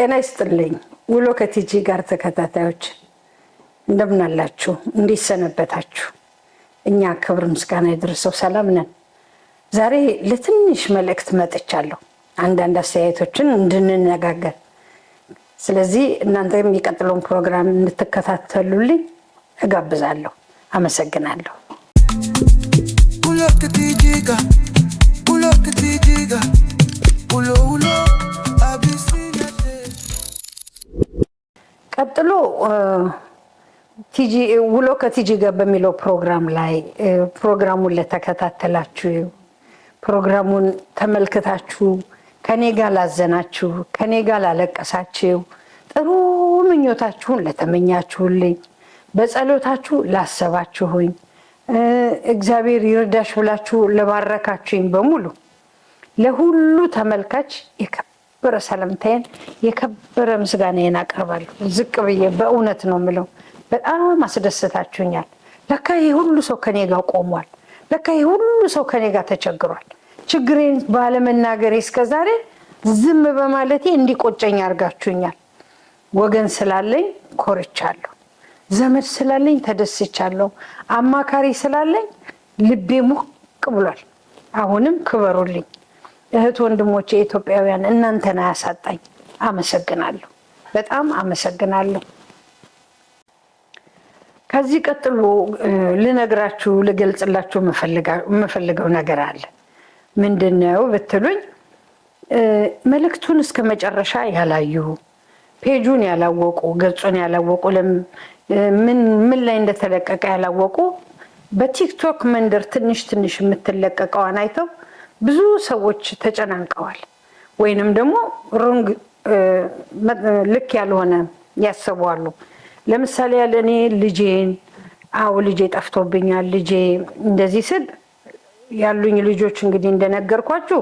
ጤና ይስጥልኝ። ውሎ ከቲጂ ጋር ተከታታዮች እንደምን አላችሁ? እንዴት ሰነበታችሁ? እኛ ክብር ምስጋና የደረሰው ሰላም ነን። ዛሬ ለትንሽ መልእክት መጥቻለሁ፣ አንዳንድ አስተያየቶችን እንድንነጋገር። ስለዚህ እናንተ የሚቀጥለውን ፕሮግራም እንድትከታተሉልኝ እጋብዛለሁ። አመሰግናለሁ። ቲጂ ውሎ ከቲጂ ጋር በሚለው ፕሮግራም ላይ ፕሮግራሙን ለተከታተላችሁ ፕሮግራሙን ተመልክታችሁ ከኔ ጋር ላዘናችሁ ከኔ ጋር ላለቀሳችሁ ጥሩ ምኞታችሁን ለተመኛችሁልኝ በጸሎታችሁ ላሰባችሁኝ እግዚአብሔር ይርዳሽ ብላችሁ ለባረካችሁኝ በሙሉ ለሁሉ ተመልካች የከ የከበረ ሰላምታዬን የከበረ ምስጋናዬን አቀርባለሁ። ዝቅ ብዬ በእውነት ነው የምለው፣ በጣም አስደስታችሁኛል። ለካ ይህ ሁሉ ሰው ከኔ ጋር ቆሟል። ለካ ይህ ሁሉ ሰው ከኔ ጋር ተቸግሯል። ችግሬን ባለመናገሬ እስከዛሬ ዝም በማለቴ እንዲቆጨኝ አድርጋችሁኛል። ወገን ስላለኝ ኮርቻለሁ፣ ዘመድ ስላለኝ ተደስቻለሁ፣ አማካሪ ስላለኝ ልቤ ሞቅ ብሏል። አሁንም ክበሩልኝ። እህት ወንድሞች የኢትዮጵያውያን እናንተን አያሳጣኝ። አመሰግናለሁ፣ በጣም አመሰግናለሁ። ከዚህ ቀጥሎ ልነግራችሁ ልገልጽላችሁ የምፈልገው ነገር አለ። ምንድን ነው ብትሉኝ መልእክቱን እስከ መጨረሻ ያላዩ ፔጁን ያላወቁ ገጹን ያላወቁ ምን ላይ እንደተለቀቀ ያላወቁ በቲክቶክ መንደር ትንሽ ትንሽ የምትለቀቀዋን አይተው ብዙ ሰዎች ተጨናንቀዋል፣ ወይንም ደግሞ ሩንግ ልክ ያልሆነ ያሰቧሉ። ለምሳሌ ያለ እኔ ልጄን አው ልጄ ጠፍቶብኛል፣ ልጄ እንደዚህ ስል ያሉኝ ልጆች እንግዲህ እንደነገርኳችሁ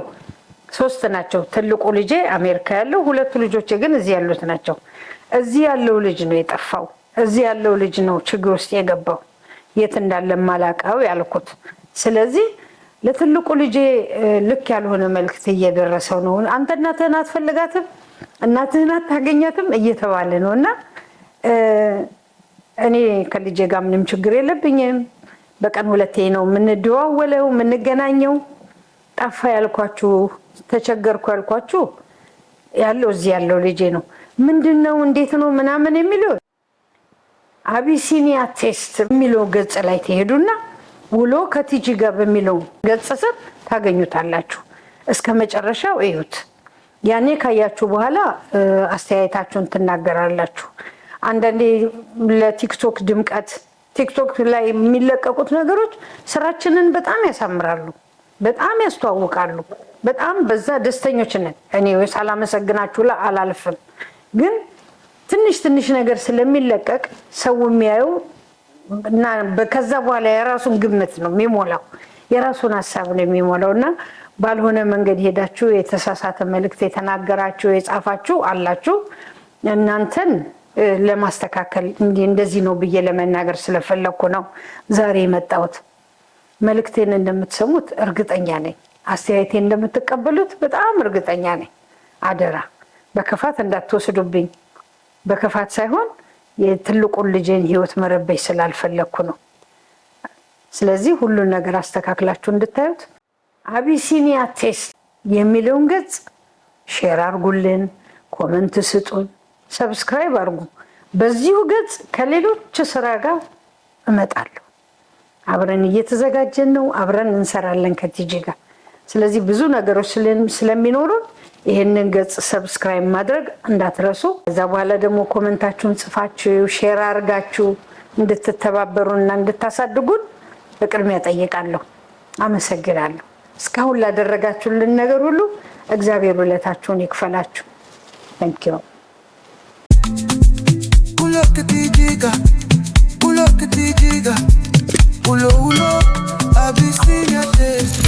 ሶስት ናቸው። ትልቁ ልጄ አሜሪካ ያለው፣ ሁለቱ ልጆቼ ግን እዚህ ያሉት ናቸው። እዚህ ያለው ልጅ ነው የጠፋው። እዚህ ያለው ልጅ ነው ችግር ውስጥ የገባው የት እንዳለ ማላቀው ያልኩት። ስለዚህ ለትልቁ ልጄ ልክ ያልሆነ መልክት እየደረሰው ነው። አንተ እናትህን አትፈልጋትም፣ እናትህን አታገኛትም እየተባለ ነው እና እኔ ከልጄ ጋር ምንም ችግር የለብኝም። በቀን ሁለቴ ነው የምንደዋወለው የምንገናኘው። ጠፋ ያልኳችሁ ተቸገርኩ ያልኳችሁ ያለው እዚህ ያለው ልጄ ነው። ምንድን ነው እንዴት ነው ምናምን የሚለው አቢሲኒያ ቴስት የሚለው ገጽ ላይ ትሄዱና ውሎ ከቲጂ ጋር በሚለው ገጽ ስር ታገኙታላችሁ። እስከ መጨረሻው እዩት። ያኔ ካያችሁ በኋላ አስተያየታችሁን ትናገራላችሁ። አንዳንዴ ለቲክቶክ ድምቀት ቲክቶክ ላይ የሚለቀቁት ነገሮች ስራችንን በጣም ያሳምራሉ፣ በጣም ያስተዋውቃሉ። በጣም በዛ ደስተኞች ነን። እኔ ሳላመሰግናችሁ አላልፍም፣ ግን ትንሽ ትንሽ ነገር ስለሚለቀቅ ሰው የሚያየው እና ከዛ በኋላ የራሱን ግምት ነው የሚሞላው፣ የራሱን ሀሳብ ነው የሚሞላው። እና ባልሆነ መንገድ ሄዳችሁ የተሳሳተ መልእክት የተናገራችሁ የጻፋችሁ አላችሁ። እናንተን ለማስተካከል እንደዚህ ነው ብዬ ለመናገር ስለፈለግኩ ነው ዛሬ የመጣሁት። መልእክቴን እንደምትሰሙት እርግጠኛ ነኝ። አስተያየቴን እንደምትቀበሉት በጣም እርግጠኛ ነኝ። አደራ በክፋት እንዳትወስዱብኝ፣ በክፋት ሳይሆን የትልቁን ልጄን ህይወት መረበሽ ስላልፈለግኩ ነው። ስለዚህ ሁሉን ነገር አስተካክላችሁ እንድታዩት አቢሲኒያ ቴስት የሚለውን ገጽ ሼር አርጉልን፣ ኮመንት ስጡን፣ ሰብስክራይብ አርጉ። በዚሁ ገጽ ከሌሎች ስራ ጋር እመጣለሁ። አብረን እየተዘጋጀን ነው። አብረን እንሰራለን ከቲጂ ጋር። ስለዚህ ብዙ ነገሮች ስለሚኖሩን ይህንን ገጽ ሰብስክራይብ ማድረግ እንዳትረሱ። ከዛ በኋላ ደግሞ ኮመንታችሁን ጽፋችሁ ሼር አድርጋችሁ እንድትተባበሩና እንድታሳድጉን በቅድሚያ ጠይቃለሁ። አመሰግናለሁ። እስካሁን ላደረጋችሁልን ነገር ሁሉ እግዚአብሔር ውለታችሁን ይክፈላችሁ። ታንኪዩ Ulo, ulo, Abyssinia taste